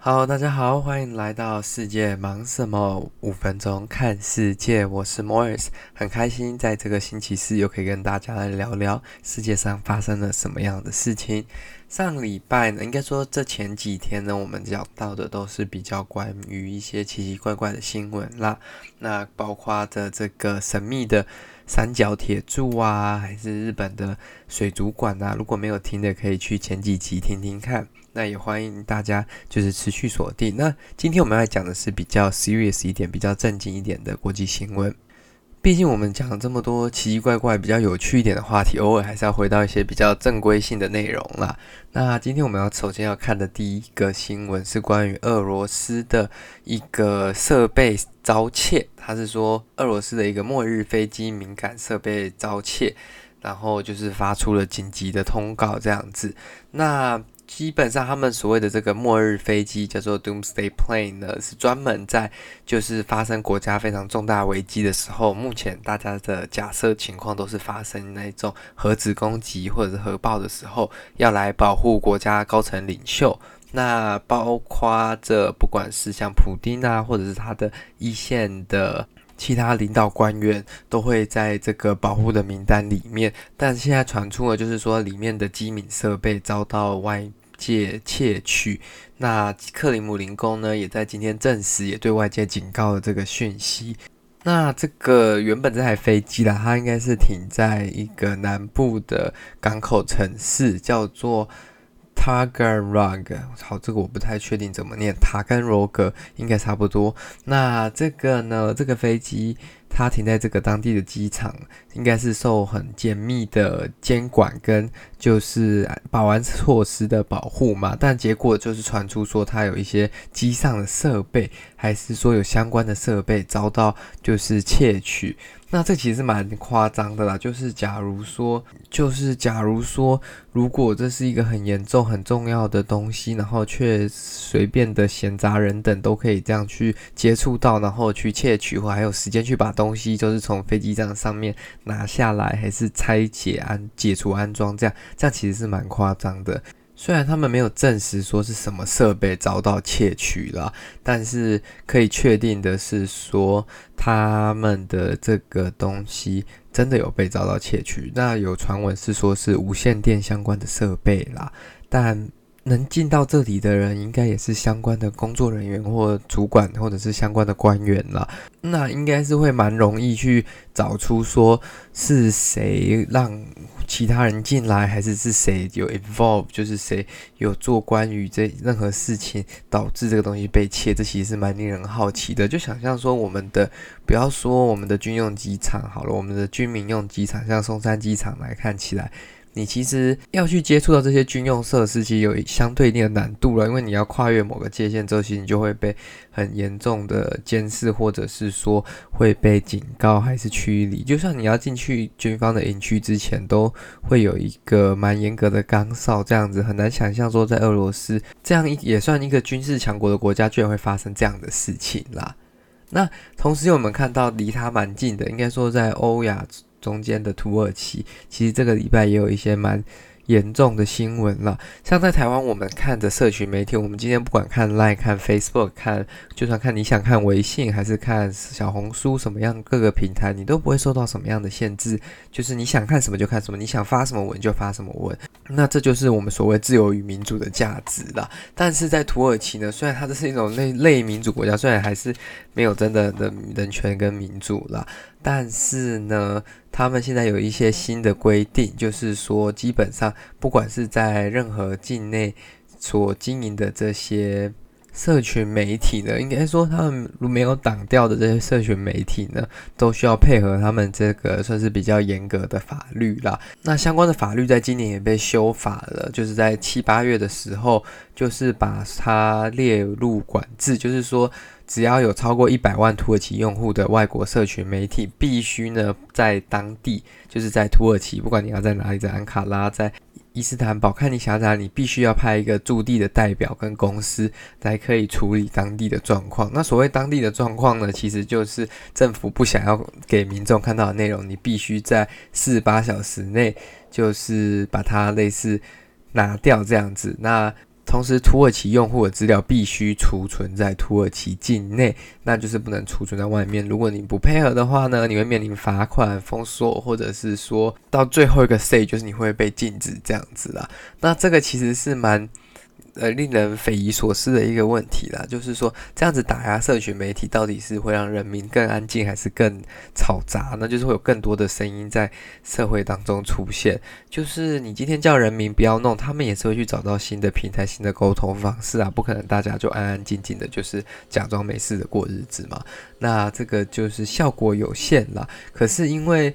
好，大家好，歡迎來到世界忙什麼？五分鐘看世界，我是 Morris，很開心在這個星期四又可以跟大家來聊聊世界上發生了什麼樣的事情。上禮拜呢，應該說這前幾天呢，我們講到的都是比較關於一些奇奇怪怪的新聞啦，那包括着這個神秘的三角鐵柱啊，還是日本的水族館啊，如果沒有聽的，可以去前幾集聽聽,聽看。那也歡迎大家，就是持續鎖定。那今天我們要來講的是比較 serious 一點、比較正經一點的國際新聞。畢竟我們講了這麼多奇奇怪怪、比較有趣一點的話題，偶爾還是要回到一些比較正規性的內容啦。那今天我們要首先要看的第一個新聞是關於俄羅斯的一個設備遭竊。他是說俄羅斯的一個末日飛機敏感設備遭竊，然後就是發出了緊急的通告這樣子。那基本上，他們所謂的這個末日飛機叫做 Doomsday Plane 呢，是專門在就是發生國家非常重大危機的時候。目前大家的假設情況都是發生那種核子攻擊或者是核爆的時候，要來保護國家高層領袖。那包括這不管是像普丁啊，或者是他的一線的。其他領導官員都會在這個保護的名單裡面，但現在傳出了，就是說裡面的機敏設備遭到外界竊取。那克里姆林宮呢，也在今天證實，也對外界警告了這個訊息。那這個原本這台飛機啦，它應該是停在一個南部的港口城市，叫做。t i g e r u g 我操，這個我不太確定怎麼念，塔根羅格應該差不多。那這個呢？這個飛機。他停在這個當地的機場，應該是受很嚴密的監管跟就是保安措施的保護嘛。但結果就是傳出說他有一些機上的設備，還是說有相關的設備遭到就是竊取。那這其實蠻誇張的啦。就是假如說，就是假如說，如果這是一個很嚴重很重要的東西，然後卻隨便的閒雜人等都可以這樣去接觸到，然後去竊取，或還有時間去把。東西就是從飛機上上面拿下來，還是拆解安解除安裝這樣，這樣其實是蠻誇張的。雖然他們沒有證實說是什麼設備遭到竊取了，但是可以確定的是說他們的這個東西真的有被遭到竊取。那有傳聞是說是無線電相關的設備啦，但。能進到這裡的人，應該也是相關的工作人員或主管，或者是相關的官員啦。那應該是會蠻容易去找出說是誰讓其他人進來，還是是誰有 involve，就是誰有做關於這任何事情導致這個東西被竊。這其實是蠻令人好奇的。就想象說，我們的，不要說我們的軍用機場好了，我們的軍民用機場，像松山機場來看起來。你其實要去接觸到這些軍用設施，其實有相對一定的難度了，因為你要跨越某個界限之後，其實你就會被很嚴重的監視，或者是說會被警告還是驅離。就算你要進去軍方的營區之前，都會有一個蠻嚴格的崗哨，這樣子很難想象說在俄羅斯這樣一也算一個軍事強國的國家，居然會發生這樣的事情啦。那同時我們看到離它蠻近的，應該說在歐亞中間的土耳其，其實這個禮拜也有一些蠻嚴重的新聞了。像在台灣，我們看着社群媒體，我們今天不管看 Line、看 Facebook 看，就算看你想看微信還是看小紅書，什麼樣各個平台，你都不會受到什麼樣的限制，就是你想看什麼就看什麼，你想發什麼文就發什麼文。那這就是我們所謂自由與民主的價值了。但是在土耳其呢，雖然它這是一種類類民主國家，雖然還是沒有真的的人權跟民主了。但是呢，他們現在有一些新的規定，就是說，基本上不管是在任何境內所經營的這些。社群媒體呢，應該說他們如沒有擋掉的這些社群媒體呢，都需要配合他們這個算是比較嚴格的法律啦。那相關的法律在今年也被修法了，就是在七八月的時候，就是把它列入管制，就是說只要有超過一百萬土耳其用戶的外國社群媒體，必須呢在當地，就是在土耳其，不管你要在哪裡，在安卡拉，在伊斯坦堡看你想哪，你必須要派一個駐地的代表跟公司，才可以處理當地的狀況。那所謂當地的狀況呢，其實就是政府不想要給民眾看到的內容，你必須在四十八小時內，就是把它類似拿掉這樣子。那同時，土耳其用戶的資料必須儲存在土耳其境內，那就是不能儲存在外面。如果你不配合的話呢，你會面臨罰款、封鎖，或者是說到最後一個 say，就是你會被禁止這樣子啦。那這個其實是蠻。呃，令人匪夷所思的一個問題啦，就是說，這樣子打壓社群媒體，到底是會讓人民更安靜，還是更吵雜呢？那就是會有更多的聲音在社會當中出現。就是你今天叫人民不要弄，他們也是會去找到新的平台、新的溝通方式啊，不可能大家就安安靜靜的，就是假裝沒事的過日子嘛。那這個就是效果有限啦。可是因為。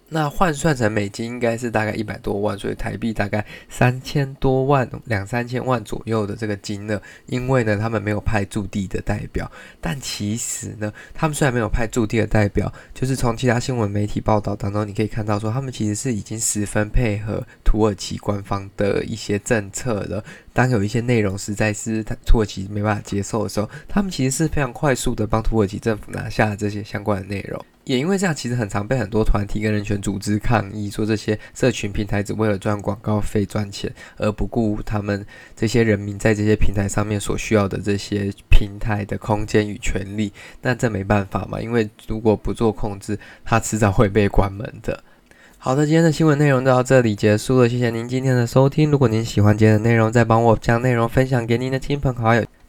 那換算成美金應該是大概一百多萬，所以台幣大概三千多萬、兩三千萬左右的這個金額。因為呢，他們沒有派駐地的代表，但其實呢，他們雖然沒有派駐地的代表，就是從其他新聞媒體報道當中，你可以看到說，他們其實是已經十分配合土耳其官方的一些政策了。當有一些內容實在是土耳其沒辦法接受的時候，他們其實是非常快速的幫土耳其政府拿下這些相關的內容。也因為這樣，其實很常被很多團體跟人權組織抗議，說這些社群平台只為了賺廣告費賺錢，而不顧他們這些人民在這些平台上面所需要的這些平台的空間與權利。但這沒辦法嘛，因為如果不做控制，它遲早會被關門的。好的，今天的新聞內容就到這裡結束了，謝謝您今天的收聽。如果您喜歡今天的內容，再幫我將內容分享給您的親朋好友。